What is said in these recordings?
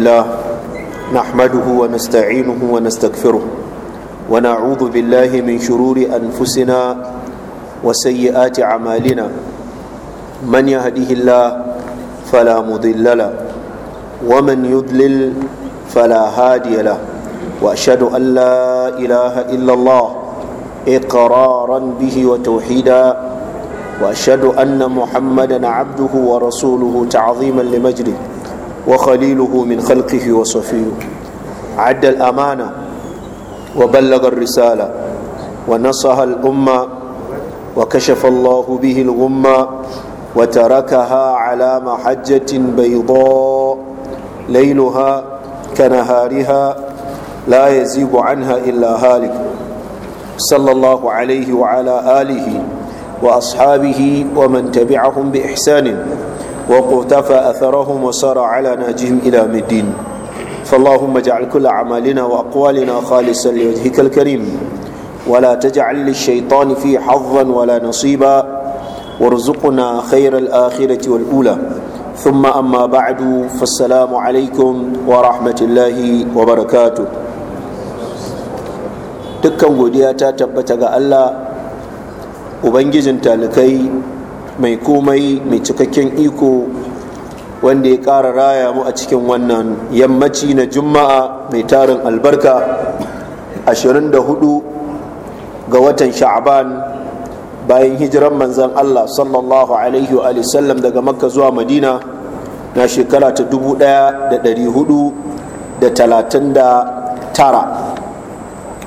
الله نحمده ونستعينه ونستغفره ونعوذ بالله من شرور أنفسنا وسيئات أعمالنا من يهده الله فلا مضل له ومن يضلل فلا هادي له وأشهد أن لا إله إلا الله إقرارا به وتوحيدا وأشهد أن محمدا عبده ورسوله تعظيما لمجده وخليله من خلقه وصفيه عد الامانه وبلغ الرساله ونصح الامه وكشف الله به الغمه وتركها على محجه بيضاء ليلها كنهارها لا يزيغ عنها الا هالك صلى الله عليه وعلى اله واصحابه ومن تبعهم باحسان وقتفى أثرهم وسار على نهجهم إلى مدين فاللهم اجعل كل عمالنا وأقوالنا خالصا لوجهك الكريم ولا تجعل للشيطان فيه حظا ولا نصيبا وارزقنا خير الآخرة والأولى ثم أما بعد فالسلام عليكم ورحمة الله وبركاته dukkan godiya ta tabbata ga Allah Ubangijin talikai mai komai mai cikakken iko wanda ya ƙara raya mu a cikin wannan yammaci na juma'a mai tarin albarka 24 ga watan sha'aban bayan hijiran manzan allah sallallahu alaihi wa sallam daga makka zuwa madina na shekara ta 1439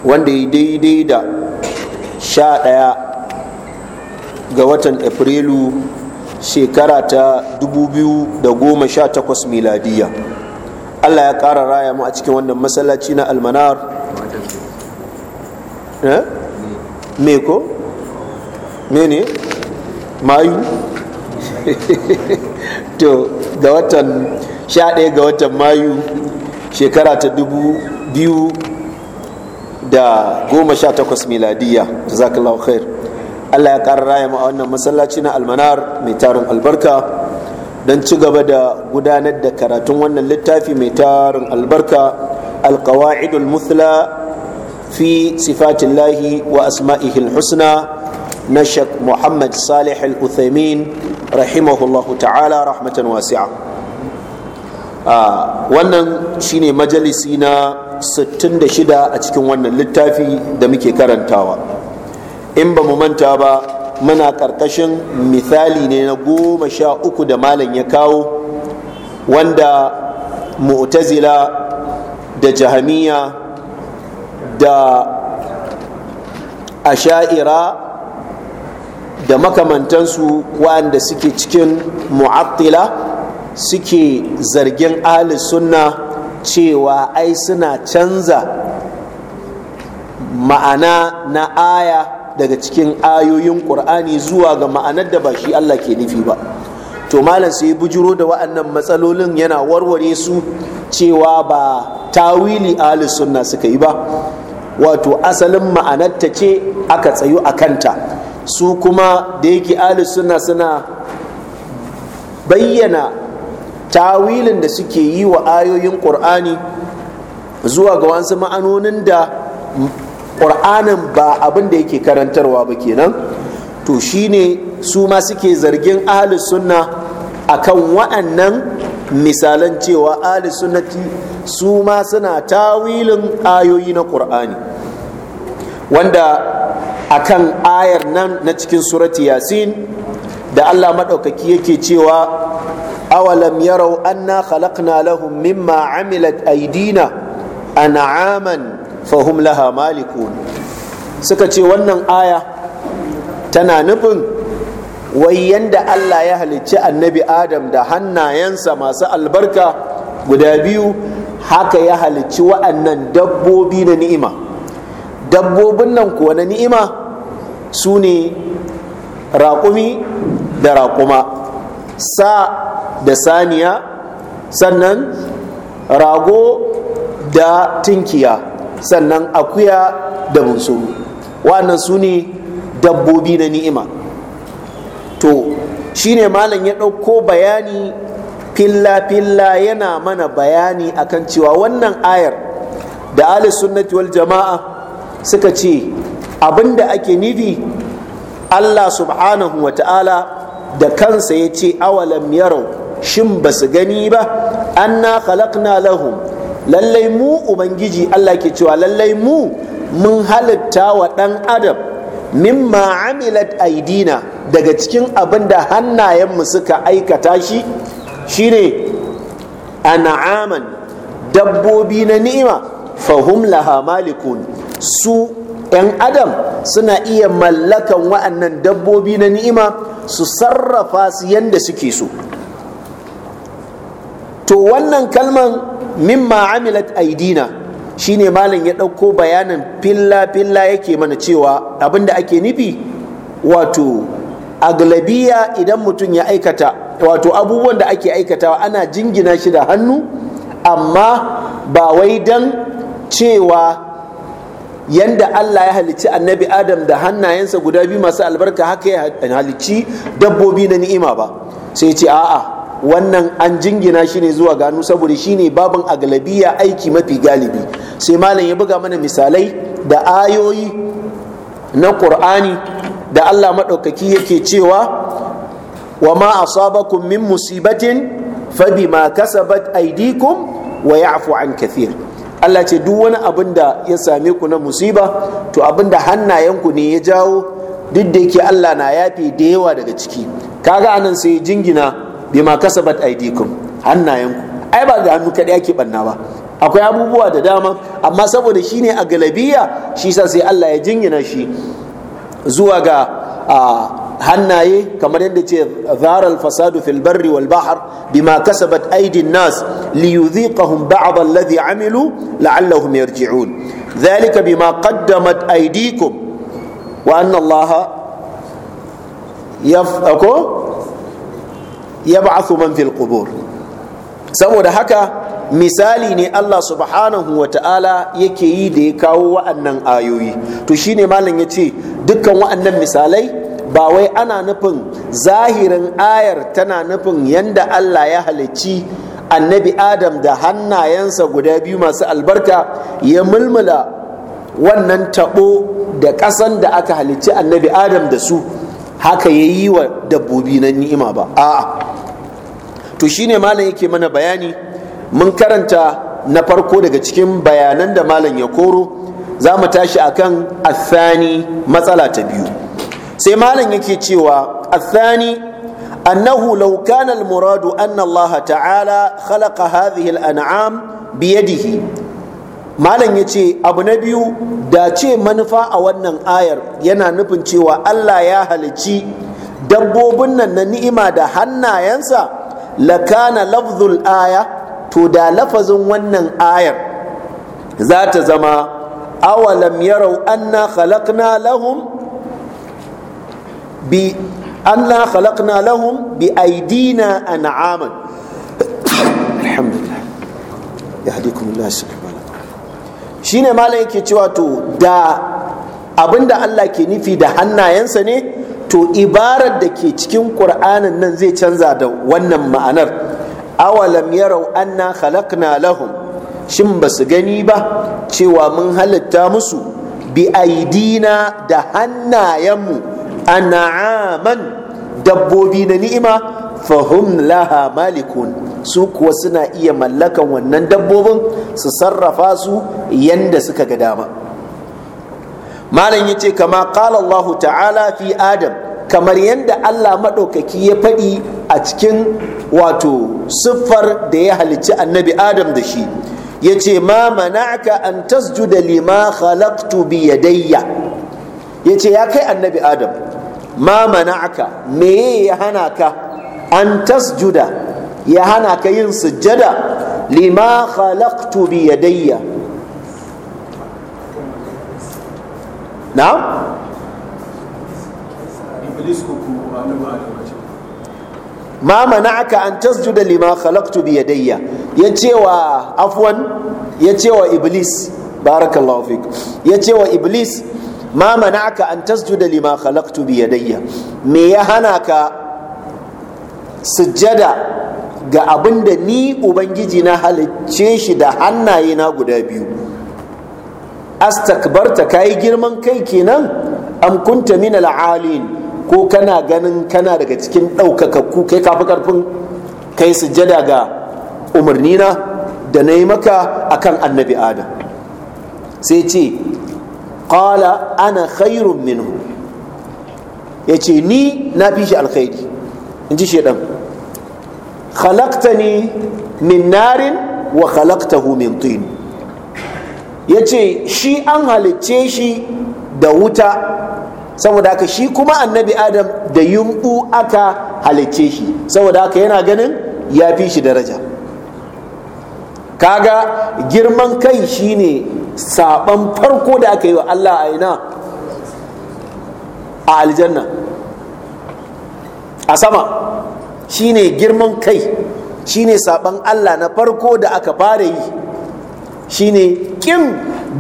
wanda ya daidai da sha ɗaya ga watan afrilu shekara ta 2018 miladiya allah ya ƙara raya mu a cikin wannan masallaci na almanar eh? me ko mene mayu to ga watan 11 ga watan mayu shekara ta 2018 miladiya jazakallahu khair Allah ya ƙara raya a wannan masallaci na almanar mai tarin albarka don ci gaba da gudanar da karatun wannan littafi mai tarin albarka alkawa'idul muthla fi sifatillahi wa asma'ihil husna na shek muhammad salih al-uthaymin rahimahullahu ta'ala rahmatan wasi'a wannan shine majalisi na 66 a cikin wannan littafi da muke karantawa in ba mu manta ba muna ƙarƙashin misali ne na goma sha uku da malam ya kawo wanda mu'tazila da jahamiya da asha'ira da makamantansu waɗanda suke cikin mu'attila suke zargin ahli sunna cewa ai suna canza ma'ana na aya daga cikin ayoyin ƙur'ani zuwa ga ma'anar da ba shi Allah ke nufi ba to malam sai bujiro da wa'annan matsalolin yana warware su cewa ba tawili ahli sunna suka yi ba wato asalin ma'anarta ce aka tsayu a kanta su kuma da yake ahli sunna suna bayyana tawilin da suke yi wa ayoyin ƙur'ani zuwa ga wasu ma'anonin da ƙur'anin ba abinda yake karantarwa ba kenan to shine su ma suke zargin ahli sunna akan wa'annan misalan cewa ahli sunnati su ma suna tawilin ayoyi na ƙur'ani wanda akan ayar nan na cikin surati yasin da allah maɗaukaki yake cewa awalam yarau anna khalaqna lahum mimma amilat aidina an'aman fahum laha maliku suka ce wannan aya tana nufin wai yanda Allah ya halicci annabi Adam da hannayensa masu albarka guda biyu haka ya halicci wa'annan dabbobi na ni'ima dabbobin nan kuwa na ni'ima su ne raƙumi da raƙuma sa da saniya sannan rago da tinkiya sannan akuya da bunsuru wannan su ne dabbobi na ni'ima to shi ne malam ya ɗauko bayani filla-filla yana mana bayani akan cewa wannan ayar da ahli sunnati wal jama'a suka ce abinda ake nufi Allah subhanahu wa ta'ala da kansa ya ce awalam yarau shin ba su gani ba anna khalaqna lahum lallai mu ubangiji Allah ke cewa lallai mu mun halitta wa ɗan adam mimma amilat aidina daga cikin abin da hannayenmu suka aikata shi shine an'aman dabbobi na ni'ima fahum laha malikun su 'yan adam suna iya mallakan wa'annan dabbobi na ni'ima su sarrafa su yadda suke so to wannan kalman mimma amilat aidina shine malam ya ɗauko bayanan filla-filla yake mana cewa abin da ake nufi wato aglabiya idan mutum ya aikata wato abubuwan da ake aikatawa ana jingina shi da hannu amma ba wai dan cewa yanda Allah ya halicci annabi Adam da hannayensa guda biyu masu albarka haka ya halicci dabbobi na ni'ima ba sai ce a'a wannan an jingina shi ne zuwa ganu saboda shi ne babin agalabiya aiki mafi galibi sai malam ya buga mana misalai da ayoyi na ƙur'ani da allah maɗaukaki yake cewa wa ma asabakum min musibatin fa bima kasabat aydikum wa ya'fu an kathir Allah ce duk wani abin da ya same ku na musiba to abin da hannayenku ne ya jawo duk da yake Allah na yafe da yawa daga ciki kaga anan sai jingina bima kasabat aydikum hannayenku ai ba da hannu kaɗai ake banna ba akwai abubuwa da dama amma saboda shine a galabiya shi sa sai Allah ya jingina shi zuwa ga hannaye kamar yadda ce zaral fasadu fil barri wal bahr bima kasabat aidin nas liyudhiqahum ba'd alladhi amilu la'allahum yarji'un dhalika bima qaddamat aidikum wa anna ya yafako yab'athu man fil qubur saboda haka misali ne Allah subhanahu wa ta'ala yake yi da ya kawo wa'annan ayoyi to shine malam ya ce dukkan wa'annan misalai ba wai ana nufin zahirin ayar tana nufin yanda Allah ya halicci annabi adam da hannayensa guda biyu masu albarka ya mulmula wannan taɓo da ƙasan da aka halicci annabi adam da su haka ya yi wa dabbobi na ni'ima ba a'a to shine malam yake mana bayani mun karanta na farko daga cikin bayanan da malam ya koro za mu tashi akan athani matsala ta biyu sai malam yake cewa athani annahu law muradu anna Allah ta'ala khalaqa hadhihi al'an'am anam bi malam ya ce abu na biyu da ce manufa a wannan ayar yana nufin cewa allah ya halici dabbobin nan na ni'ima da hannayensa لكان لفظ الآية تودا لفظ ونن آية ذات زما لم يروا أن خلقنا لهم ب أن خلقنا لهم بأيدينا أنعاما الحمد لله يهديكم الله سبحانه شين مالك يتواتو دا abin da Allah ke nufi da to ibarar da ke cikin ƙur'anin nan zai canza da wannan ma'anar awalam yarau anna khalaqna lahum shin ba su gani ba cewa mun halitta musu bi aidina da hannayenmu an'aman dabbobi na ni'ima fahum laha malikun su kuwa suna iya mallakan wannan dabbobin su sarrafa su yanda suka ga dama malam yace kama qala Allah ta'ala fi adam kamar yadda Allah maɗaukaki ya faɗi a cikin wato siffar da ya halicci annabi adam da shi ya ce ma mana'aka an tasjuda lima khalaqtu bi yadayya ya ce ya kai annabi adam ma mana'aka me ya hana ka an tasjuda ya hana ka yin sujjada lima khalaqtu bi yadayya na? ma aka an tasjuda lima khalaqtu bi yadayya ya cewa afwan ya cewa iblis barakallahu fik ya cewa iblis ma aka an tasjuda lima khalaqtu bi yadayya me ya hana ka sujjada ga abin da ni ubangiji na halicce shi da hannaye na guda biyu astakbarta kayi girman kai kenan am kunta min al'alin ko kana ganin kana daga cikin ɗaukakakku kai kafi karfin kai sujjada ga umarnina da na yi maka akan annabi adam sai ce ƙala ana khairun minhu ya ce ni na fi shi alkhairi in ji shaidan khalaqtani min narin wa khalaqtahu min tin ya ce shi an halicce shi da wuta saboda haka shi kuma annabi adam da yumbu aka halicce shi saboda haka yana ganin ya fi shi daraja kaga girman kai shine saban farko da aka yi wa allah a ina a aljanna a sama shine girman kai shine saban allah na farko da aka fara yi shine kin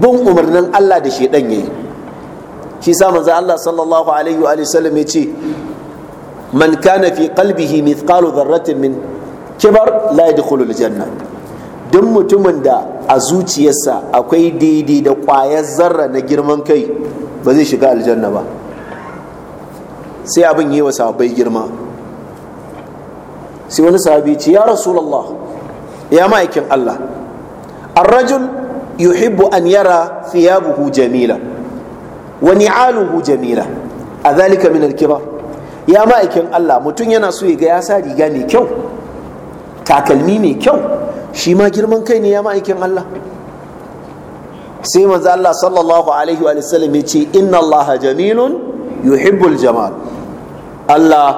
bin umarnin Allah da shedan yayi shi sa manzo Allah sallallahu alaihi wa sallam yace man kana fi qalbihi mithqalu dharratin min kibar la yadkhulul Aljanna. duk mutumin da a zuciyarsa akwai daidai da kwayar zarra na girman kai ba zai shiga aljanna ba sai abin yi wa sahabbai girma sai wani sahabi ce ya rasulallah ya ma'aikin allah الرجل يحب أن يرى ثيابه جميلة ونعاله جميلة أذلك من الكبار يا مائكين الله متن ينسو يا ساري قامي كيو takalmi mai kyau shi ma girman kai ne ya ma'aikin Allah sai manzo Allah sallallahu alaihi wa sallam ya ce inna Allah jamilun yuhibbul jamal Allah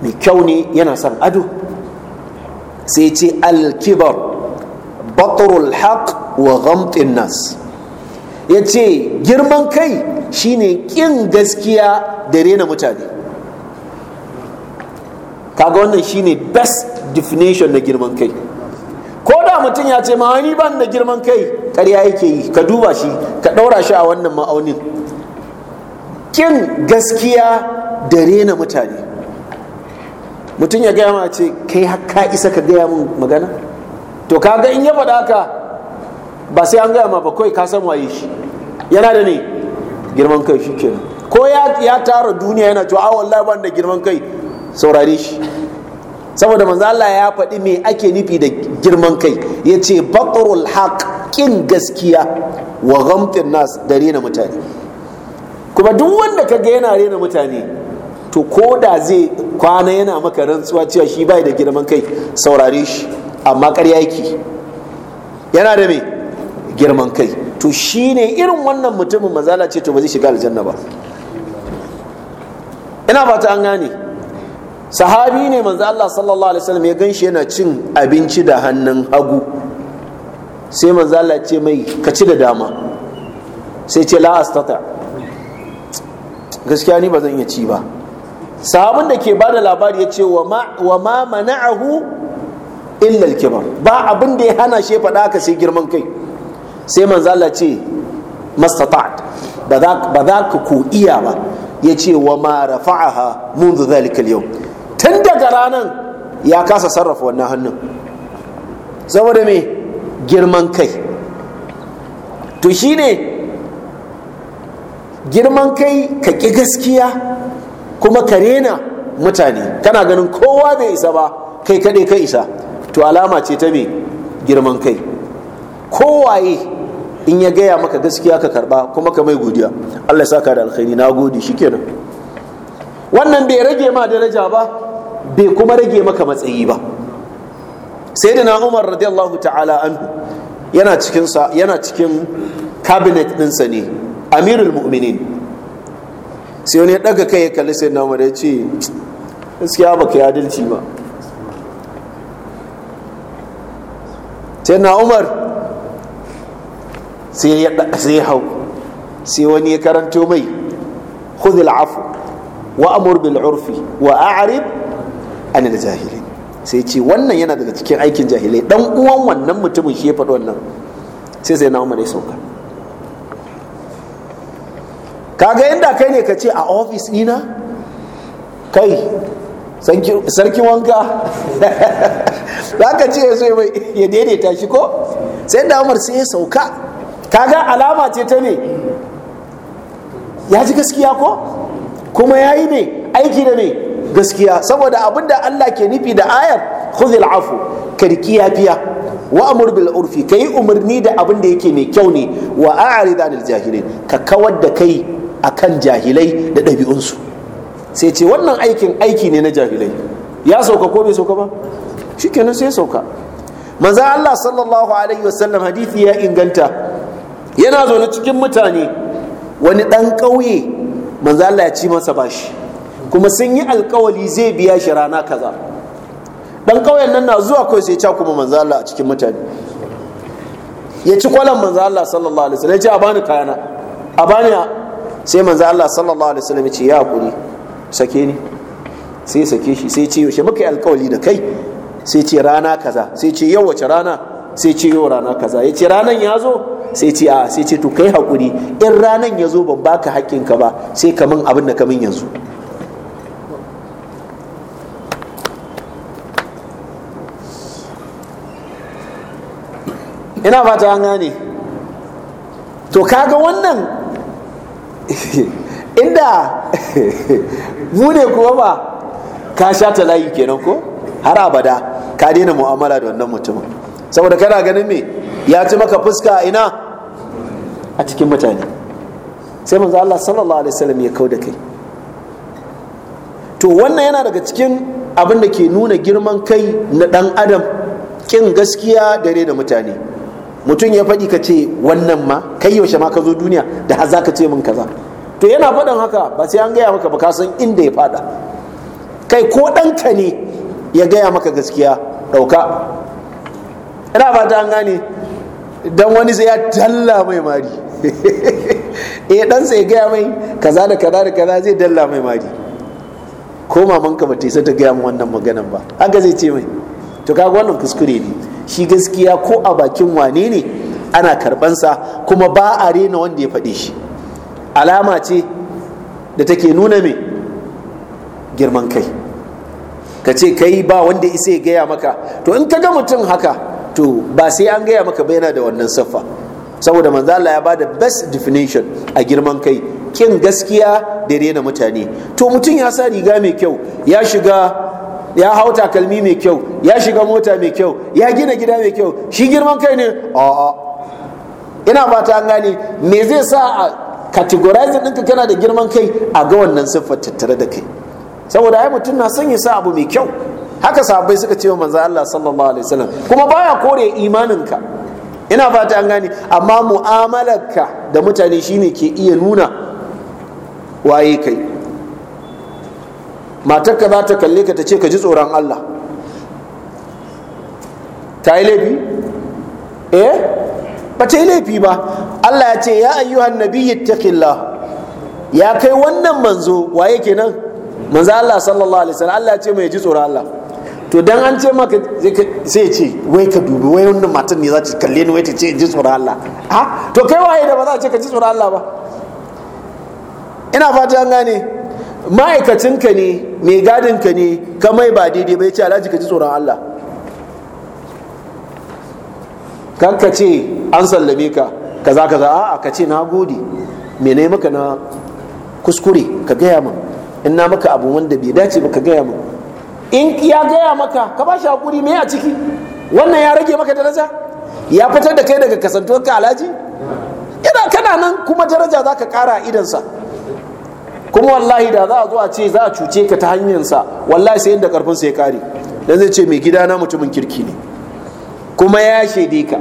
mai kyau ne yana son ado sai ce al-kibar batrul haq wa ghamtin nas ya ce girman kai shine kin gaskiya da rena mutane kaga wannan shine best definition na girman kai ko da mutum ya ce ma'ani ban da girman kai ƙarya yake yi ka duba shi ka ɗaura shi a wannan ma'aunin kin gaskiya da rena mutane mutum ya gaya ma ce kai ka isa ka gaya min magana to kaga in ya faɗa ka ba sai an gaya ma ba kawai ka waye shi yana da ne girman kai shi ke ko ya tara duniya yana cewa a ah, wallahi da girman kai saurare shi saboda manzo Allah ya faɗi me ake nufi da girman kai ya ce baqrul haq kin gaskiya wa ghamtin nas da rena mutane kuma duk wanda ka ga yana rena mutane to ko da zai kwana yana maka rantsuwa cewa shi bai da girman kai saurare shi amma karya yake yana da me girman kai to shine irin wannan mutumin mazala ce to ba zai shiga aljanna ba ina ba ta an gane sahabi ne manzo Allah sallallahu alaihi wasallam ya ganshi yana cin abinci da hannun hagu sai manzo Allah ce mai ka ci da dama sai ce la astata gaskiya ni ba zan iya ci ba sahabin da ke bada labari ya ce wa ma mana'ahu illa kibar ba abin da ya hana shi faɗa ka sai girman kai sai manzo Allah ce mastata'at ba za ka ku iya ba ya ce wa ma rafa'aha منذ ذلك اليوم tun daga ranan ya kasa sarrafa wannan hannun saboda me girman kai to shine girman kai ka ƙi gaskiya kuma ka rena mutane kana ganin kowa bai isa ba kai kaɗai ka isa to alama ce ta me girman kai kowaye in ya gaya maka gaskiya ka karba kuma ka mai godiya Allah saka da alkhairi na gode shikenan wannan bai rage ma daraja ba bai kuma rage maka matsayi ba sayyidina Umar radiyallahu ta'ala anhu yana cikin sa yana cikin cabinet ɗinsa ne amirul mu'minin sai wani ya daga kai ya kalli sayyidina Umar ya ce gaskiya baka yi adalci ba sai na umar sai ya hau sai wani ya karanto mai khudhil afu wa amur bil urfi wa a'rib an al jahili sai ce wannan yana daga cikin aikin jahilai dan uwan wannan mutumin shi ya faɗi wannan sai sai na umar ya sauka kaga inda kai ne ka ce a ofis dina kai sarki wanka za ka ce ya ya daidaita shi ko sai da umar sai ya sauka kaga alama ce ta ne ya ji gaskiya ko kuma ya yi ne aiki da ne gaskiya saboda abin da Allah ke nufi da ayar khuzil afu karki yafiya wa amur bil urfi yi umarni da abin da yake mai kyau ne wa ari da jahilin ka kawar da kai akan jahilai da ɗabi'unsu sai ce wannan aikin aiki ne na jahilai ya sauka ko bai sauka ba shikenan sai sauka manzo Allah sallallahu alaihi wasallam hadisi ya inganta yana zaune cikin mutane wani dan ƙauye manzo Allah ya ci masa bashi kuma sun yi alkawali zai biya shi rana kaza dan ƙauyen nan na zuwa kawai sai ya kuma Allah a cikin mutane ya ci kwalan manzo Allah sallallahu alaihi wasallam ya ce a bani kayana a bani sai manzo Allah sallallahu alaihi wasallam ya ce ya hakuri sake ni sai sake shi sai ce yaushe muka yi alkawali da kai sai ce rana kaza sai ce yau wace rana sai ce yau rana kaza ya ce ranan ya zo sai ce a sai ce to kai hakuri in ranan ya zo ban baka haƙƙinka ba sai ka min abin da ka min yanzu ina ba ta gane to kaga wannan inda mu ne kuwa ba ka sha ta layi kenan ko har abada ka daina mu'amala da wannan mutumin saboda kana ganin me ya ci maka fuska a ina a cikin mutane sai manzo Allah sallallahu alaihi wasallam ya kauda kai to wannan yana daga cikin abin da ke nuna girman kai na dan adam kin gaskiya dare da mutane mutum ya faɗi ka ce wannan ma kai yaushe ma ka zo duniya da har za ka ce min kaza to yana faɗin haka ba sai an gaya maka ba ka san inda ya fada kai ko ɗanka ne ya gaya maka gaskiya ɗauka ina fata an gane don wani sai ya talla mai mari eh ɗansa ya gaya mai kaza da kaza da kaza zai dalla mai mari ko maman ba ta isa ta gaya min wannan maganan ba haka zai ce mai to kaga wannan kuskure ne shi gaskiya ko a bakin wane ne ana karbansa kuma ba a rena wanda ya faɗe shi alama ce da take nuna mai girman kai ka ce ka yi ba wanda isa ya gaya maka to in ka ga mutum haka to ba sai an gaya maka ba yana da wannan siffa saboda Manzala ya ba da best definition a girman kai kin gaskiya da rena mutane to mutum ya sa riga mai kyau ya shiga ya hau takalmi mai kyau ya shiga mota mai kyau ya gina gida mai kyau shi girman kai ne a'a ina fata an gane me zai sa a categorizing ɗinka kana da girman kai a ga wannan siffar tattare da kai saboda ai mutum na son ya sa abu mai kyau haka sahabbai suka ce wa manzo Allah sallallahu alaihi wasallam kuma baya kore imaninka ina fata an gane amma mu'amalarka da mutane shine ke iya nuna waye kai matarka za ta kalle ka ta ce ka ji tsoron Allah ta yi laifi eh ba ta yi laifi ba Allah ya ce ya ayyuhan nabiyyi ittaqillah ya kai wannan manzo waye kenan manzo Allah sallallahu alaihi wasallam Allah ya ce mai ji tsoron Allah to dan an ce maka sai ce wai ka dubi wai wannan matan ne za ta kalle ni wai ta ce ji tsoron Allah ha to kai waye da ba za a ce ka ji tsoron Allah ba ina fata an gane ma'aikacinka ne mai gadinka ne ka mai ba daidai bai ce alhaji ka ji tsoron Allah kan ka ce an sallame ka kaza kaza a'a ka ce na gode me ne maka na kuskure ka gaya min in maka abu wanda bai dace ba ka gaya mu in ya gaya maka ka ba shi hakuri me a ciki wannan ya rage maka daraja ya fitar da kai daga ka alhaji ina kana nan kuma daraja za ka kara sa kuma wallahi da za a zo a ce za a cuce ka ta hanyar sa wallahi sai inda karfin ya kare dan zai ce mai gida na mutumin kirki ne kuma ya shaide ka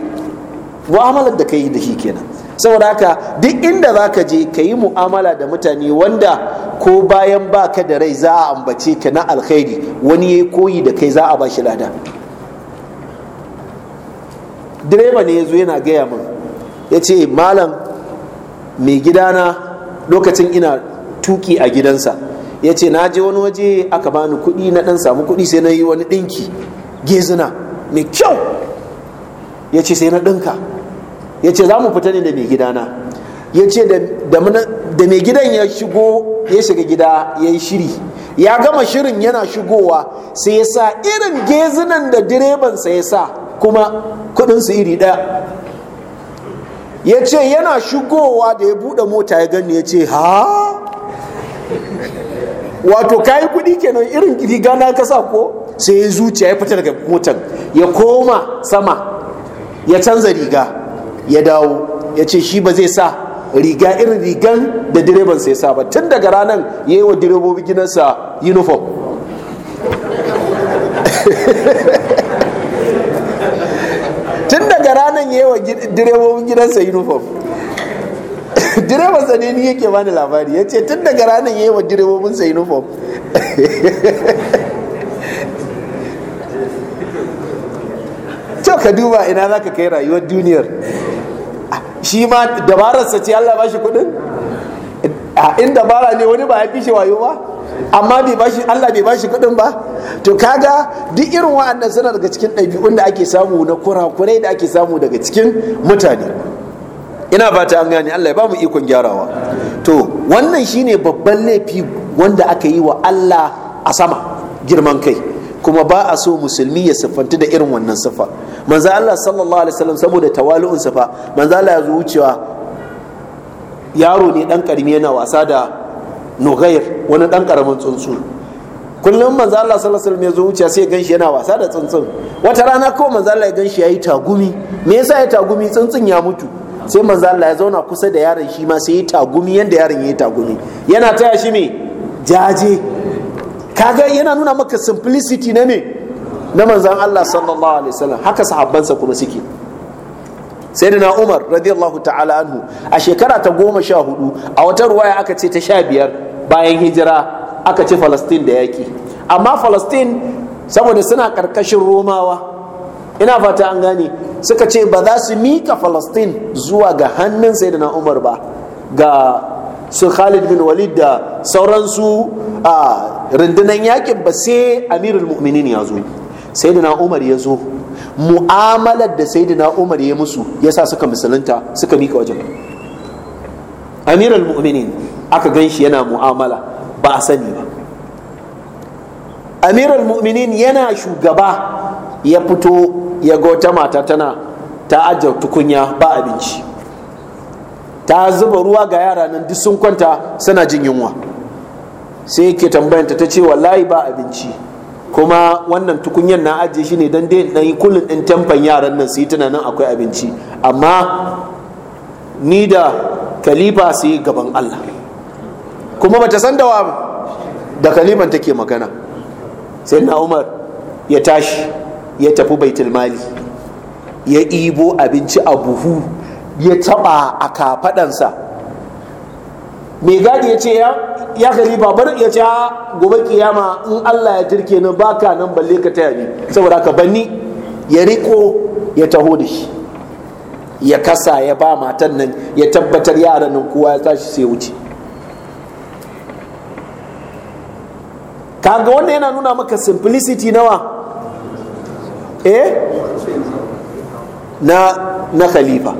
mu'amalar da kai da shi kenan saboda haka duk inda za ka je ka yi mu'amala da mutane wanda ko bayan baka da rai za a ambace ka na alkhairi wani ya yi koyi da kai za a ba shi lada direba ne ya zo yana gaya min ya ce malam mai gidana lokacin ina tuki a gidansa ya ce na je wani waje aka bani kuɗi na ɗan samu kuɗi sai na yi wani ɗinki gezina mai kyau ya ce sai na ɗinka ya ce za mu fita ne da mai gidana ya ce da mai gidan ya shigo ya shiga gida ya yi shiri ya gama shirin yana shigowa sai ya sa irin gezinan da direbansa ya sa kuma kudinsu iri ɗaya ya ce yana shigowa da ya buɗe mota ya gani ya ce ha wato kayi kuɗi kenan irin riga na ka sa ko sai ya zuciya ya fita daga motar ya koma sama ya canza riga ya dawo ya ce shi ba zai sa riga irin rigan da direban sai sa ba tun daga ranar ya yi wa direbobi gidansa uniform tun daga ranar ya yi wa direbobin gidansa uniform direban sa ne ni yake bani labari ya ce tun daga ranar ya yi wa direbobinsa uniform to ka duba ina za ka kai rayuwar duniyar shi ma dabararsa ce Allah ba shi kuɗin a in dabara ne wani ba ya fi shi wayo ba amma bai bashi Allah bai bashi kuɗin ba to kaga duk irin wa'annan suna daga cikin ɗabi'un da ake samu na kurakurai da ake samu daga cikin mutane ina bata an gane Allah ya ba mu ikon gyarawa to wannan shine babban laifi wanda aka yi wa Allah a sama girman kai kuma ba a so musulmi ya siffanta da irin wannan siffa manzo Allah sallallahu alaihi wasallam saboda tawali'un sa fa manzo Allah ya zo wucewa yaro ne dan karime yana wasa da nugair wani dan karamin tsuntsu kullum manzo Allah sallallahu alaihi wasallam ya zo wucewa sai ganshi yana wasa da tsuntsun wata rana ko manzo Allah ya ganshi yayi tagumi me yasa ya tagumi tsuntsun ya mutu sai manzo Allah ya zauna kusa da yaron shi ma sai ya tagumi yanda yaron ya yi tagumi yana taya shi me jaje kaga yana nuna maka simplicity na me na manzan Allah sallallahu alaihi wasallam haka sahabbansa kuma suke sayyidina Umar radiyallahu ta'ala anhu a shekara ta goma sha hudu a wata ruwaya aka ce ta sha biyar bayan hijira aka ce Falastin da yaki amma Falastin saboda suna karkashin Romawa ina fata an gane suka ce ba za su mika Falastin zuwa ga hannun sayyidina Umar ba ga su Khalid bin Walid da sauransu a rundunan yakin ba sai Amirul Mu'minin ya zo sayyidina umar ya zo mu'amalar da sayyidina umar ya musu ya sa suka musulunta suka mika wajen Amiral mu'minin aka gan shi yana mu'amala ba a sani ba Amiral mu'minin yana shugaba ya fito ya gota mata tana ta ajiye tukunya ba abinci ta zuba ruwa ga yara nan duk sun kwanta suna jin yunwa sai yake tambayanta ta ce wallahi ba abinci kuma wannan tukunyar na ajiye shi ne don dai yi kullum ɗin tamfan yaran nan su yi tunanin akwai abinci amma ni da kalifa su yi gaban allah kuma bata san da da kalifan take magana sai na umar ya tashi ya tafi baitul mali ya ibo abinci a buhu ya taba a kafadansa mai gadi ya ce ya gari babar ya ce gobe kiyama in Allah ya jirke nan baka nan balle ka taya ni saboda ka banni ya riko ya taho da shi ya kasa ya ba matan nan ya tabbatar yaran nan kowa ya tashi sai wuce kaga wanda yana nuna maka simplicity nawa eh na na khalifa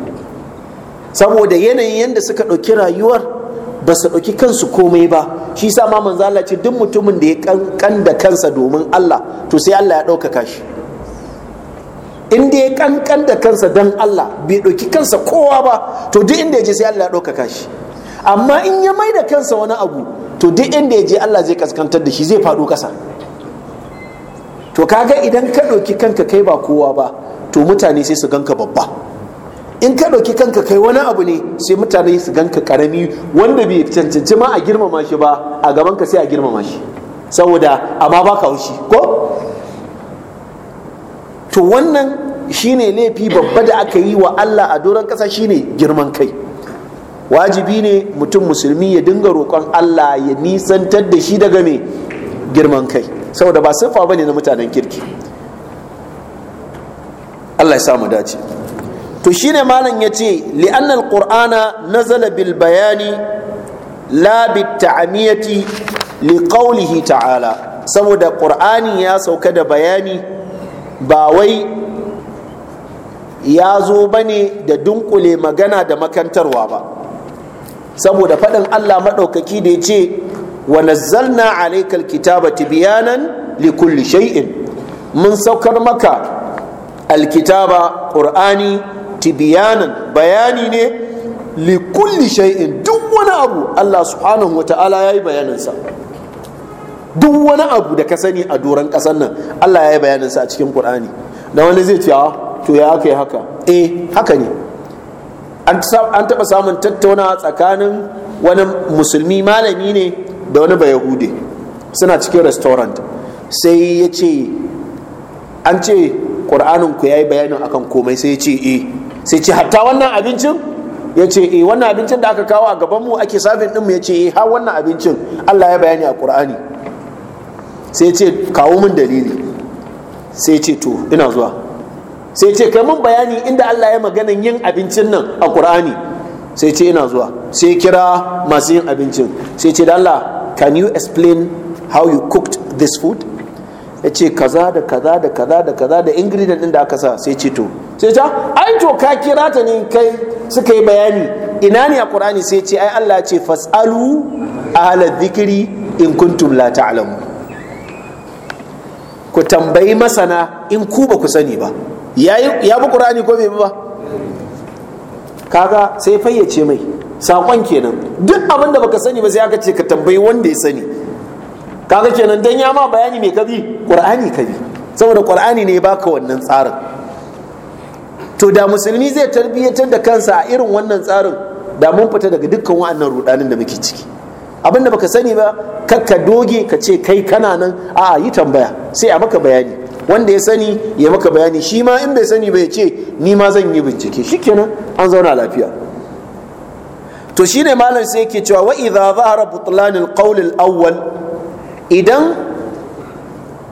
saboda yanayin yadda suka ɗauki rayuwar ba su ɗauki kansu komai ba shi sa ma manzo Allah ce duk mutumin da ya kankan da kansa domin Allah to sai Allah ya ɗaukaka shi in da ya kankan da kansa don Allah bai ɗauki kansa kowa ba to duk inda ya je sai Allah ya ɗaukaka shi amma in ya mai da kansa wani abu to duk inda ya je Allah zai kaskantar da shi zai faɗo ƙasa to kaga idan ka ɗauki kanka kai ba kowa ba to mutane sai su ganka babba in ka ɗauki kanka kai wani abu ne sai mutane su ganka karami wanda bai cancanci ma a girmama shi ba a gaban ka sai a girmama shi saboda amma ba ka haushi ko to wannan shine laifi babba da aka yi wa Allah a doron ƙasa shine girman kai wajibi ne mutum musulmi ya dinga roƙon Allah ya nisantar da shi daga me girman kai saboda ba siffa bane na mutanen kirki Allah ya samu dace to shi shine malam yace li'annal ƙur'ana nazala bil bayani labit ta'amiyati li ƙaulihi ta'ala saboda ƙur'ani ya sauka da bayani ba wai ya zo bane da dunkule magana da makantarwa ba saboda faɗin Allah maɗaukaki da ya ce wa nazzalna alaikal kitaba tibiyanan li kulli shay'in mun saukar maka alkitaba ƙur'ani tibiyanan bayani ne li kulli shay'in duk wani abu Allah subhanahu wata'ala ya bayanin sa duk wani abu da ka sani a doron ƙasar nan Allah yi bayanin sa a cikin Qur'ani da wani zai cewa ah, to ya aka haka eh haka ne an taɓa samun tattauna tsakanin wani musulmi malami ne da wani bayahude suna cikin restaurant sai ya ce an ce ƙur'anin ku ya yi bayanin akan komai sai ya ce eh sai ce hatta wannan abincin ya ce eh wannan abincin da aka kawo a gaban mu ake safin ɗinmu ya ce eh ha wannan abincin allah ya bayani a ƙur'ani sai ce kawo min dalili sai ce to ina zuwa sai ce kai mun bayani inda allah ya maganan yin abincin nan a ƙur'ani sai ce ina zuwa sai kira masu yin abincin sai ce da allah can you explain how you cooked this food ya ce kaza da kaza da kaza da kaza da ingredient ɗin da aka sa sai ce to sai ta ai to ka kira ta ne kai suka yi bayani ina ne a qur'ani sai ce ai Allah ce fasalu ahla dhikri in kuntum la ta'lamu ku tambayi masana in ku ba ku sani ba ya bi qur'ani ko bai ba kaga sai fayyace mai sakon kenan duk abin da baka sani ba sai aka ce ka tambayi wanda ya sani kaga kenan dan ya ma bayani mai kabi qur'ani kabi saboda qur'ani ne ya baka wannan tsarin to da musulmi zai tarbiyyatar da kansa a irin wannan tsarin da mun fita daga dukkan wa'annan rudanin da muke ciki abinda baka sani ba ka doge ka ce kai kana nan a yi tambaya sai a maka bayani wanda ya sani ya maka bayani shi ma in bai sani ba ya ce ni ma zan yi bincike shikenan an zauna lafiya to shine malam sai yake cewa wa idza zahara butlan al awwal idan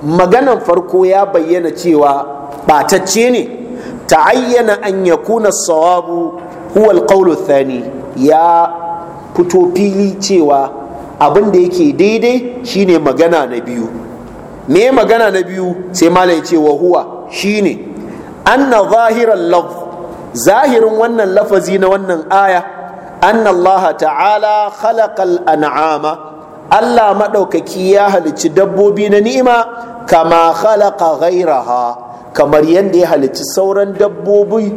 maganan farko ya bayyana cewa batacce ne ta'ayyana an yakuna sawabu huwa alqawlu Sani ya fito fili cewa abin da yake daidai shine magana na biyu me magana na biyu sai malam ya ce wa huwa shine anna zahiran lafz zahirin wannan lafazi na wannan aya anna allaha ta'ala khalaqal an'ama Allah maɗaukaki ya halicci dabbobi na ni'ima kama khalaqa ghairaha kamar yadda ya halicci sauran dabbobi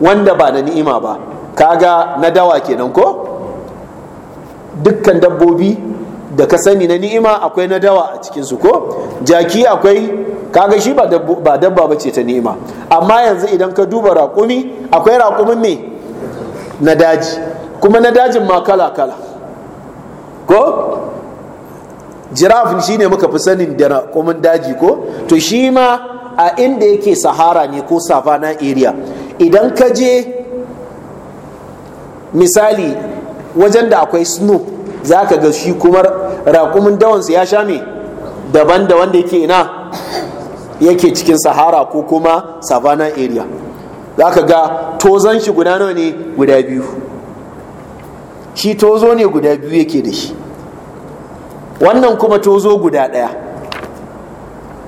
wanda ba na ni'ima ba kaga na dawa kenan ko dukkan dabbobi da ka sani na ni'ima akwai na dawa a cikinsu ko jaki akwai kaga shi ba dabba ba ce ta ni'ima amma yanzu idan ka duba raƙumi akwai raƙumin ne? na daji kuma na dajin ma kala kala ko jirafin shi ne muka fi sanin da raƙumin daji ko to shi ma a inda yake sahara ne ko savannah area idan ka je misali wajen da akwai snow za ka ga shi kuma raƙumin dawansu ya sha mai daban da wanda yake ina yake cikin sahara ko kuma savannah area za ka ga tozon shi guda nawa ne guda biyu shi tozo ne guda biyu yake da shi wannan kuma tozo guda ɗaya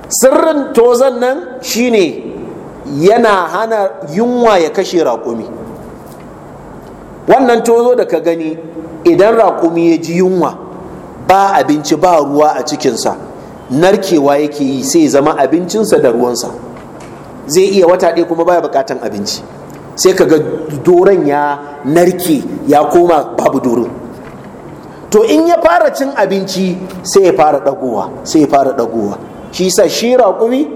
sirrin tozon nan shine yana hana yunwa ya kashe raƙumi wannan tozo da ka gani idan raƙumi ya ji yunwa ba abinci ba ruwa a cikinsa narkewa yake yi sai zama abincinsa da ruwansa zai iya wata ɗaya kuma baya buƙatan abinci sai ka ga doron ya narke ya koma babu doron to in ya fara cin abinci sai ya fara ɗagowa sai ya fara ɗagowa shi sa shi raƙumi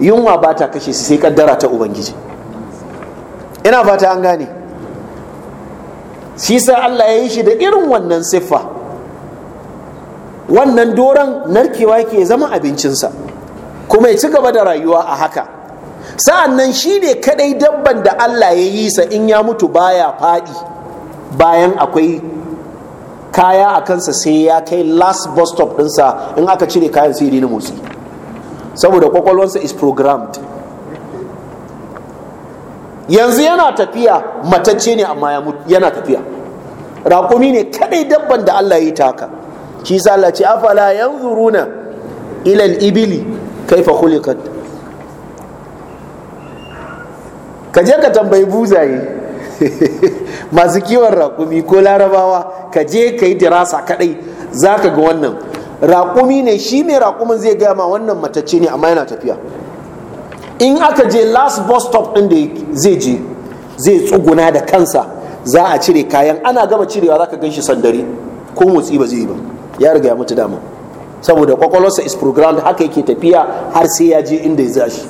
yunwa ba ta kashe su sai kaddara ta ubangiji ina fata an gane shi sa Allah ya yi shi da irin wannan siffa wannan doron narkewa ke zama abincinsa kuma ya ci gaba da rayuwa a haka sa'an nan shi ne kadai dabban da Allah ya yi sa in ya mutu baya faɗi bayan akwai kaya a kansa sai ya kai last bus stop dinsa in aka cire kayan sai na motsi saboda kwakwalwarsa is programmed yanzu yana tafiya matacce ne amma yana tafiya raƙumi ne kadai dabban da Allah ya yi taka, haka shi sa ce afala yanzu runa al-ibili kaifa khuliqat ka je ka tambayi buzaye masu kiwon rakumi ko larabawa ka je ka yi dirasa kadai za ka ga wannan rakumi ne shi mai rakumin zai gaya ma wannan matacce ne amma yana tafiya in aka je last bus stop ɗin da zai je zai tsuguna da kansa za a cire kayan ana gama cirewa za ka gan shi sandare ko motsi ba zai ba ya riga ya mutu dama saboda kwakwalwarsa is programmed haka yake tafiya har sai ya je inda ya za shi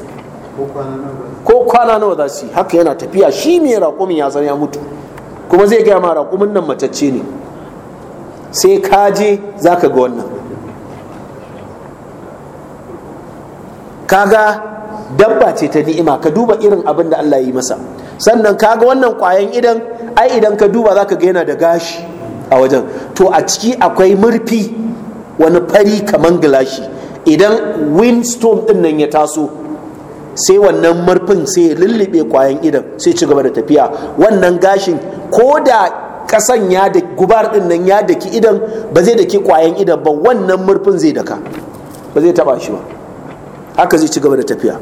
ko kwana nawa za su yi haka yana tafiya shi mai raƙumin ya san ya mutu kuma zai gaya ma raƙumin nan matacce ne sai ka je za ka ga wannan kaga dabba ce ta ni'ima ka duba irin abin da Allah ya yi masa sannan kaga wannan kwayan idan ai idan ka duba za ka ga yana da gashi a wajen to a ciki akwai murfi wani fari kaman gilashi idan windstorm din nan ya taso sai wannan murfin sai lullube kwayan idan sai ci gaba da tafiya wannan gashin ko da kasan ya da gubar din nan ya daki idan ba zai daki kwayan idan ba wannan murfin zai daka ba zai taba shi ba haka zai ci gaba da tafiya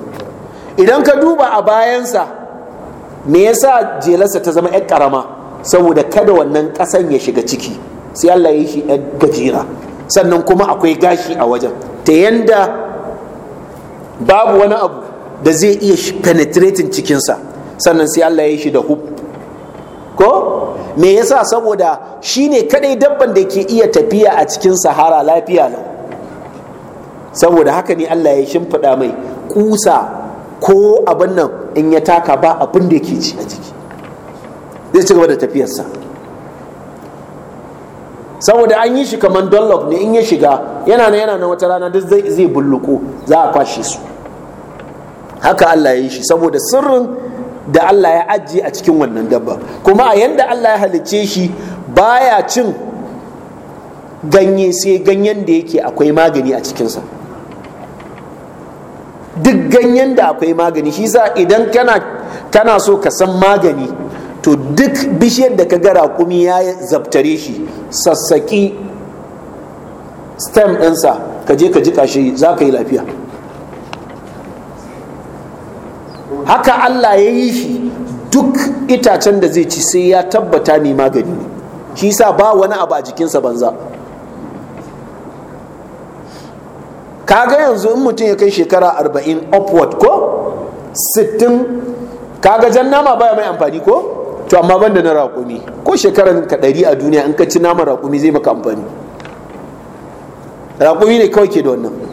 idan ka duba a bayansa me yasa jelarsa ta zama yar karama saboda kada wannan kasan ya shiga ciki sai Allah ya shi yar gajira sannan kuma akwai gashi a wajen ta yanda babu wani abu da zai iya penetrating cikinsa sannan sai Allah ya yi shi da hub ko me yasa saboda shi ne kadai dabban da ke iya tafiya a cikin sahara lafiya lau saboda haka ne Allah ya shimfiɗa mai kusa ko abin nan in ya taka ba abin da yake ci a ciki. zai ci gaba da tafiyarsa saboda an yi shi kamar dollop ne in ya shiga yana na yana na wata rana duk zai bulluko za a kwashe su haka Allah ya yi shi saboda sirrin da Allah ya ajiye a cikin wannan dabba kuma a yanda Allah ya halicce shi baya cin ganye sai ganyen da yake akwai magani a cikinsa duk ganyen da akwai magani shi sa idan kana kana so ka san magani to duk bishiyar da ka gara raƙumi ya zabtare shi sassaƙi stem ɗinsa ka je ka jika shi za ka yi lafiya haka Allah ya yi shi duk itacen da zai ci sai ya tabbata ne magani ne shi sa ba wani abu a jikinsa banza kaga yanzu in mutum ya kai shekara arba'in upward ko sittin kaga jan nama baya mai amfani ko to amma banda na raƙumi ko shekaran ka ɗari a duniya in ka ci nama raƙumi zai maka amfani raƙumi ne kawai ke da wannan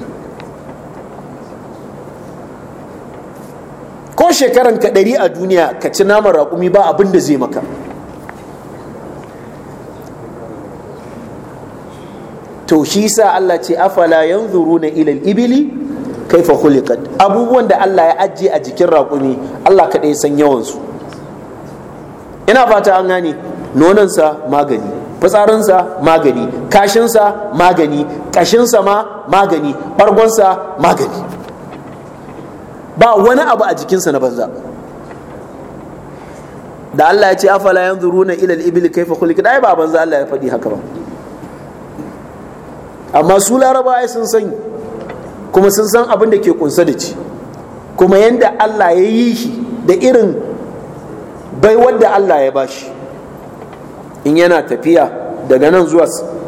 ko shekaran ka ɗari a duniya ka ci naman raƙumi ba abin da zai maka to shi sa Allah ce afala yanzu runa ilal ibili kaifa khuliqat abubuwan da Allah ya ajiye a jikin raƙumi Allah kaɗai san yawan su ina fata an gane nonansa magani fitsarinsa magani kashinsa magani kashinsa ma magani ɓargonsa magani ba wani abu a jikinsa na banza da Allah ya ce afala yanzu ila al-ibil kayfa khuliqat ai ba banza Allah ya faɗi haka ba amma su laraba ya sun sani kuma sun san abin da ke kunsa da ci kuma yadda Allah ya yi shi da irin bai da Allah ya bashi in yana tafiya daga nan zuwa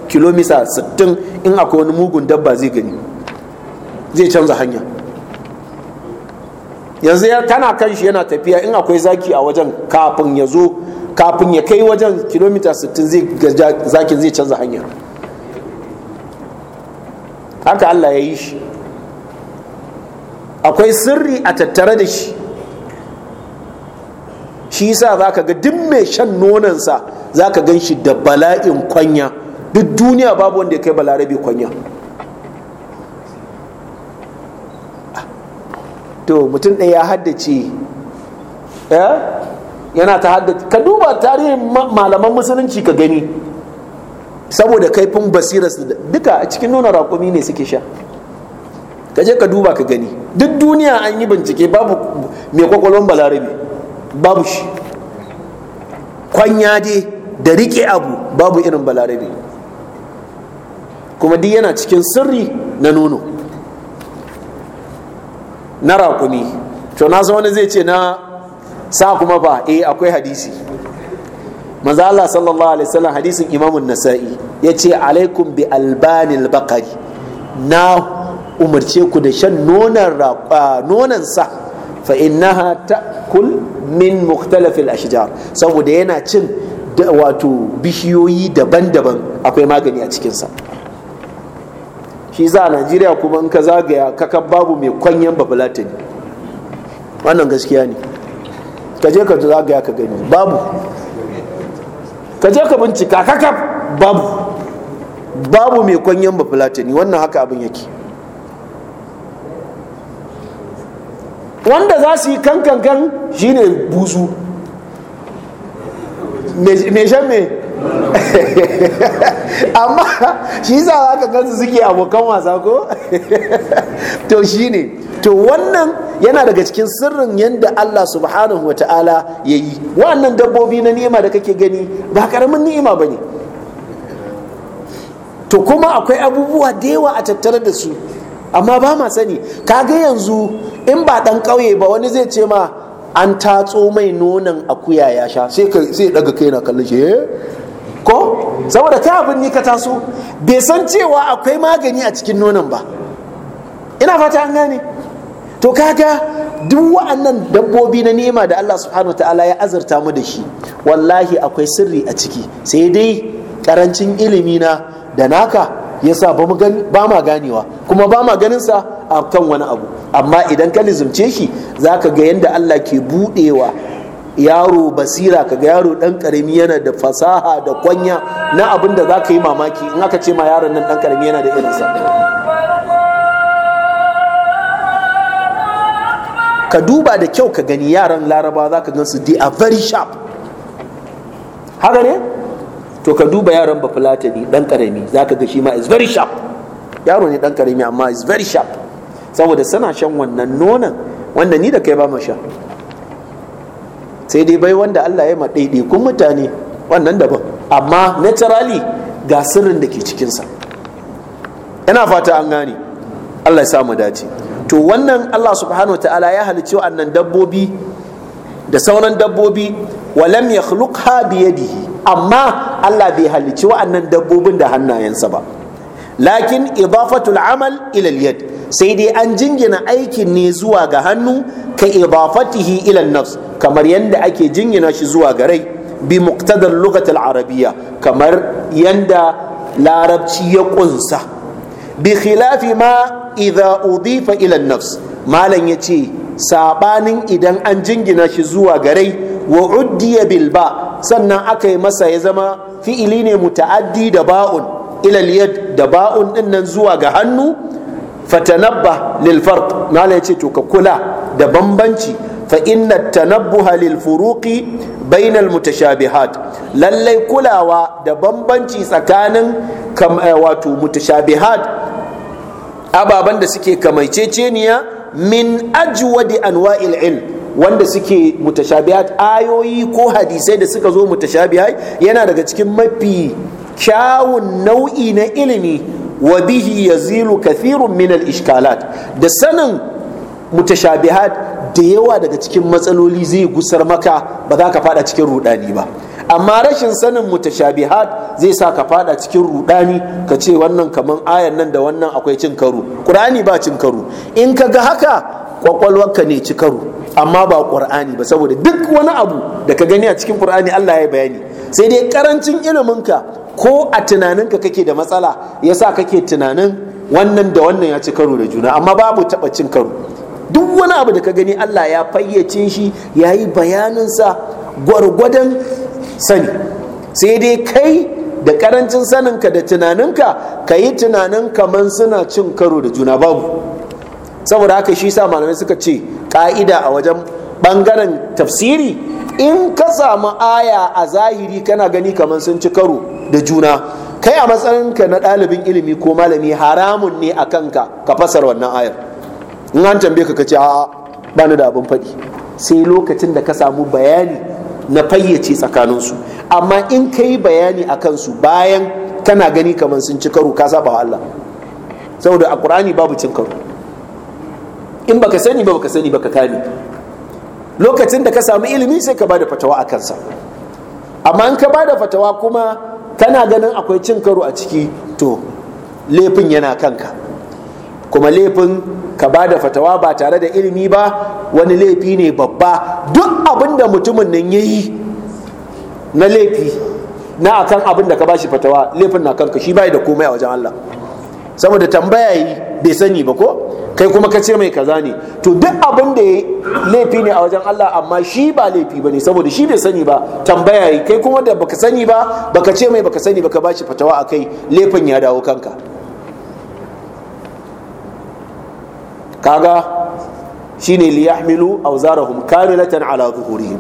kilomita 60 in akwai wani mugun dabba zai gani zai canza hanya yanzu tana kan shi yana tafiya in akwai zaki a wajen kafin ya zo kafin ya kai wajen kilomita 60 zai zakin zai canza hanya. haka Allah ya yi shi akwai sirri a tattare da shi shi sa za ka ga duk mai shan nonansa za ka gan shi da bala'in kwanya duk duniya babu wanda ya kai balarabe kwanya to mutum ɗaya ya haddace eh? yana ta haddace ka duba tarihin malaman musulunci ka gani saboda kaifin su duka a cikin nuna raƙumi ne suke sha ka je ka duba ka gani duk duniya an yi bincike babu mai kwakwalon balarabe babu shi kwanya dai da riƙe abu babu irin balarabe kuma duk yana cikin sirri na nono na rakumi to na san wani zai ce na sa kuma ba eh akwai hadisi manzo Allah sallallahu alaihi wasallam hadisin Imam nasai yace alaikum bi albanil bakari na umarce ku da shan nonan nonan sa fa innaha ta'kul min mukhtalafil ashjar saboda yana cin wato bishiyoyi daban-daban akwai magani a cikinsa. shi za a najeriya kuma in ka zagaya kakan babu mai kwanyen ne wannan gaskiya ne ka je ka zagaya ka gani babu ka je ka bincika kakan babu babu mai kwanyen ne wannan haka abin yake wanda za su yi kankankan shine buzu me shan me amma shi yasa a ka gansu suke abokan wasa ko to shi ne to wannan yana daga cikin sirrin yadda Allah subhanahu wa ta'ala ya yi wannan dabbobi na ni'ima da kake gani ba karamin ni'ima ba ne to kuma akwai abubuwa da yawa a tattare da su amma ba ma sani kaga yanzu in ba dan ƙauye ba wani zai ce ma an tatso mai nonon akuya ya sha sai daga kai na kallon shi eh? ko saboda ta abin ni ka taso bai san cewa akwai magani a cikin nonon ba ina fata an gane to kaga duk wa'annan dabbobi na nema da Allah subhanahu ta'ala ya azurta mu da shi wallahi akwai sirri a ciki sai dai karancin ilimi na da naka yasa ba ba ma ganewa kuma ba ma ganin sa a kan wani abu amma idan ka lizumce shi za ka ga yadda Allah ke buɗewa. yaro basira kaga yaro dan karami yana da fasaha da kwanya na abin da za ka yi mamaki in aka ce ma yaron nan dan karami yana da irinsa ka duba da kyau ka gani yaran laraba za ka gansu they are very sharp haka ne to ka duba yaran bafulatani dan karami za ka ga shi ma is very sharp yaro ne dan karami amma is very sharp saboda suna shan wannan nonon wanda ni da kai ba mu sha sai dai bai wanda Allah ya maɗaiɗe kun mutane wannan daban amma naturally ga sirrin da ke cikinsa Yana fata an gane Allah ya samu dace to wannan Allah subhanahu wa ta'ala ya halicci wannan dabbobi da sauran dabbobi walam ya bi yadihi amma Allah bai halicci wa'annan dabbobin da hannayensa ba lakin idafatul amal ila yad sai dai an jingina aikin ne zuwa ga hannu ka idafatihi ila nafs kamar yanda ake jingina shi zuwa ga rai bi muqtadar lugatul arabiyya kamar yanda larabci ya kunsa bi khilafi ma idha udifa ila nafs malam yace sabanin idan an jingina shi zuwa ga rai wa uddiya bil ba sannan aka yi masa ya zama fi'ili ne muta'addi da ba'un ilal yad da ba'un din nan zuwa ga hannu fatanabba lil farq mala yace to ka kula da bambanci fa inna tanabbuha lil furuqi bainal mutashabihat lallai kulawa da bambanci tsakanin eh, wato mutashabihat ababan da suke kamaiceceniya min ajwadi anwa'il ilm wanda suke mutashabihat ayoyi ko hadisai da suka zo mutashabihai yana daga cikin mafi kyawun nau'i na ilimi wa bihi yazilu kathirun min al-ishkalat da sanin mutashabihat da yawa daga cikin matsaloli zai gusar maka ba za ka fada cikin rudani ba amma rashin sanin mutashabihat zai sa ka fada cikin rudani ka ce wannan kaman ayan nan da wannan akwai cin karo qur'ani ba cin karo in ka ga haka kwakwalwarka ne ci karo amma ba qur'ani ba saboda duk wani abu da ka gani a cikin qur'ani Allah ya bayani sai dai karancin iliminka ko a tunaninka kake da matsala ya yasa kake tunanin wannan da wannan ya ci karo da juna amma babu taɓa cin karo duk wani abu da ka gani Allah ya fayyace shi ya yi bayaninsa gwargwadon sani sai dai kai da karancin saninka da tunaninka ka yi tunanin kaman suna cin karo da juna babu saboda haka shi sa malamai suka ce ka'ida a wajen Bangaren tafsiri in ka samu aya a zahiri kana gani kamar sun ci karo da juna kai a matsayinka na ɗalibin ilimi ko malami haramun ne a kanka ka fasar wannan ayar in an tambaye ka kace a'a ba ni da abin faɗi sai lokacin da ka samu bayani na fayyace tsakaninsu amma in ka yi bayani a kansu bayan kana gani kamar sun ci karo ka saba wa Allah saboda a babu cin karo in baka sani ba baka sani baka kani. lokacin da ka samu ilimi sai ka bada fatawa a kansa amma in ka bada fatawa kuma kana ganin akwai cin karo a ciki to laifin yana kanka kuma laifin ka bada fatawa ba tare da ilimi ba wani laifi ne babba duk abin da mutumin nan ya yi na laifi na akan abin da ka bashi fatawa laifin na kanka shi bai da komai a wajen Allah saboda tambaya yi bai sani ba ko kai kuma ka ce mai kaza ne to duk abin da ya laifi ne a wajen Allah amma shi ba laifi ba ne saboda shi bai sani ba tambaya yi kai kuma da baka sani ba baka ce mai baka sani baka bashi fatawa a kai laifin ya dawo kanka kaga shi shine li yahmilu awzarahum kamilatan ala zuhurihim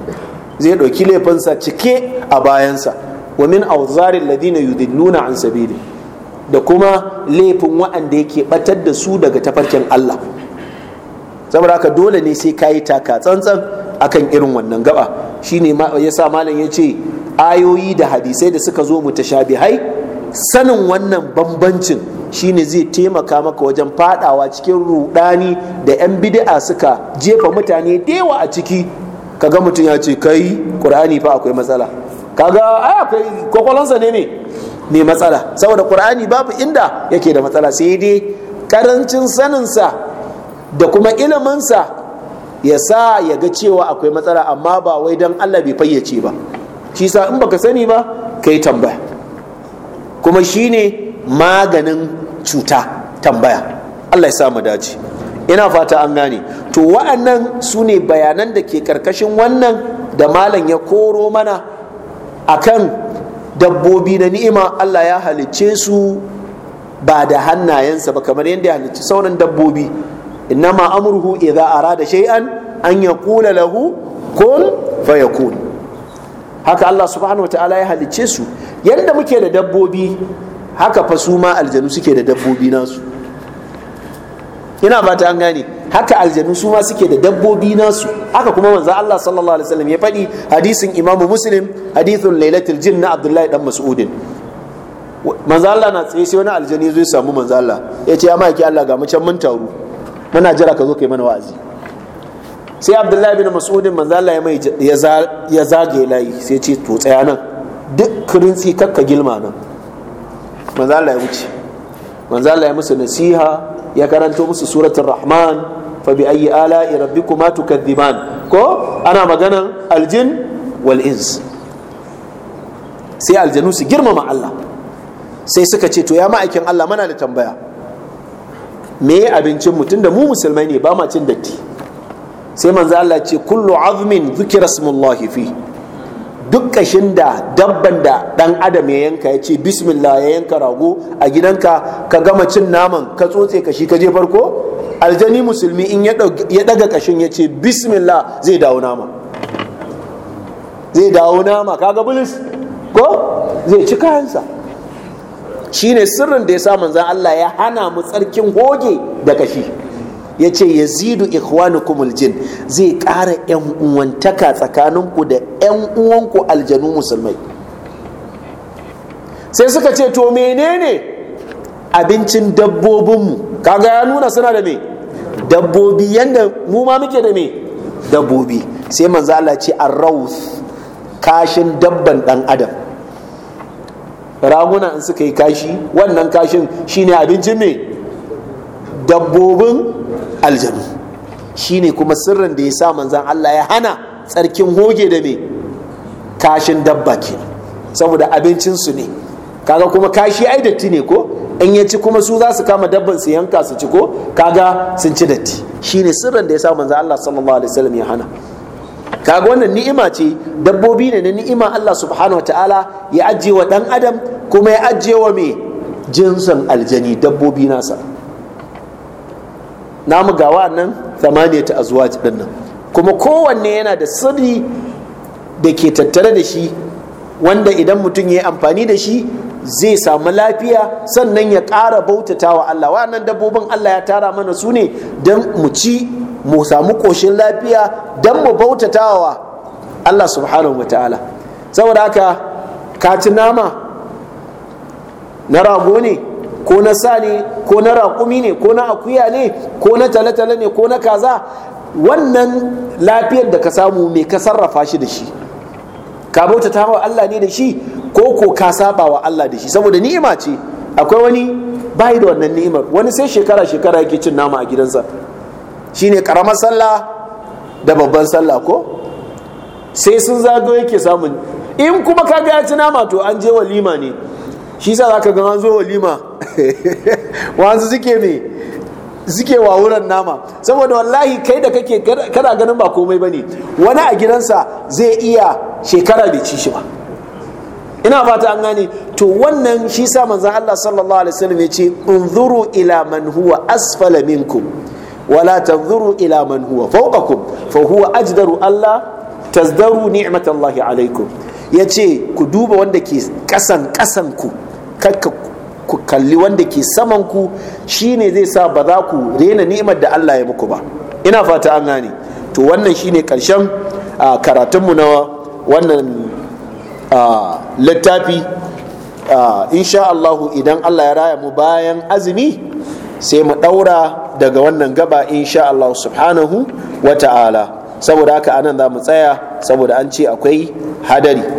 zai dauki laifinsa cike a bayansa wa min awzaril ladina yudilluna an sabili da kuma laifin wa'anda yake batar da su daga tafarkin Allah saboda haka dole ne sai kayi taka tsantsan akan irin wannan gaba shine ya sa malam ya ce ayoyi da hadisai da suka zo mu shabihai? sanin wannan bambancin shine zai taimaka maka wajen fadawa cikin rudani da 'yan bid'a suka jefa mutane dewa a ciki kaga mutum ya ce kai qur'ani fa akwai matsala kaga ai akwai ne ne mai matsala saboda qur'ani babu inda yake da matsala sai dai karancin saninsa da kuma iliminsa ya sa ya ga cewa akwai matsala amma ba wai don allah bai fayyace ba shi sa in baka sani ba ka yi tambaya kuma shi ne maganin cuta tambaya allah ya sa mu dace ina fata an gane to wa'annan su ne bayanan da ke karkashin wannan da malam ya koro mana akan dabbobi na ni'ima Allah ya halicce su ba da hannayensa ba kamar yadda ya halicci sauran dabbobi Inna ma amruhu idza arada shay'an an yaqula lahu kun fayakun haka Allah subhanahu wataala ya halicce su yadda muke da dabbobi haka fa su ma aljanu suke da dabbobi nasu ina ba ta an gane haka aljanu su ma suke da dabbobi nasu haka kuma manzo Allah sallallahu alaihi wasallam ya faɗi hadisin Imam Muslim hadithun lailatul jinn na Abdullahi dan Mas'udin manzo Allah na tsaye sai wani aljani zai samu manzo Allah ya ce ya maki Allah ga mu can mun taru muna jira ka zo kai mana wa'azi sai Abdullahi bin Mas'udin manzo Allah ya mai ya zage layi sai ce to tsaya nan duk kirinci kakka gilma nan manzo Allah ya wuce manzo Allah ya musu nasiha ya karanto musu suratul rahman fa bi ayi ala'i rabbikuma tukadhiban ko ana maganan aljin wal ins sai aljanu su girmama Allah sai suka ce to ya ma'aikin Allah mana da tambaya me abincin mutum da mu musulmai ne ba ma cin datti sai manzo Allah ce kullu azmin dhikra smullahi fi duk kashin da dabban da dan adam ya yanka ya ce bismillah ya yanka rago a gidanka ka gama cin naman ka tsotse kashi ka je farko aljani musulmi in ya daga kashin ya ce bismillah zai dawo nama zai dawo nama kaga bulis ko zai ci kayansa Shi ne sirrin da ya sa manzan Allah ya hana mu tsarkin goge da kashi ya ce yazidu kumul jin zai ƙara 'yan uwantaka tsakaninku da 'yan uwanku aljanu musulmai sai suka ce to menene abincin dabbobinmu kaga ya nuna suna da me dabbobi yadda mu ma muke da me dabbobi sai manzo Allah ce arraus kashin dabban dan adam raguna in suka yi kashi wannan kashin shine abincin me dabbobin aljanu shine kuma sirrin da ya sa manzan Allah ya hana tsarkin hoge da me kashin dabba ke saboda abincinsu ne kaga kuma kashi ai datti ne ko in ya ci kuma su za su kama dabban su yanka su ci ko kaga sun ci datti ne sirrin da ya sa manzan Allah sallallahu alaihi wasallam ya hana kaga wannan ni'ima ce dabbobi ne na ni'ima Allah subhanahu ta'ala ya ajiye wa dan adam kuma ya ajiye wa me jinsin aljani dabbobi nasa namu ga wa'annan thamaniyata azwaj din nan kuma kowanne yana da sirri da ke tattare da shi wanda idan mutum ya yi amfani da shi zai samu lafiya sannan ya ƙara bautata wa Allah wa'annan dabbobin Allah ya tara mana su ne don mu ci mu samu ƙoshin lafiya don mu bautata wa Allah subhanahu wa ta'ala saboda haka ka ci nama na rago ne ko na sa ne ko na raƙumi ne ko na akuya ne ko na talatala ne ko na kaza wannan lafiyar da ka samu mai ka sarrafa shi da shi ka bauta ta wa Allah ne da shi ko ko ka saba wa Allah da shi saboda ni'ima ce akwai wani bayi da wannan ni'imar wani sai shekara shekara yake cin nama a gidansa shine karamar sallah da babban sallah ko sai sun zago yake samun in kuma ka ya ci nama to an je walima ne shi sa zaka ga an zo walima wanzu suke me suke wurin nama saboda wallahi kai da kake kana ganin ba komai bane wani a gidansa zai iya shekara bai ci shi ba ina fata an gane to wannan shi sa manzon Allah sallallahu alaihi wasallam yace unzuru ila man huwa asfala minkum wala tanzuru ila man huwa fawqakum fa huwa ajdaru Allah tazdaru ni'matallahi alaikum yace ku duba wanda ke kasan kasan ku kakka ku kalli wanda ke saman ku shine zai sa ba za ku rena ni'imar da Allah ya muku ba ina fata an gane to wannan shine karshen karatunmu na wannan littafi insha Allahu idan Allah ya raya mu bayan azumi sai mu daura daga wannan gaba insha Allah subhanahu wa ta'ala saboda haka anan za mu tsaya saboda an ce akwai hadari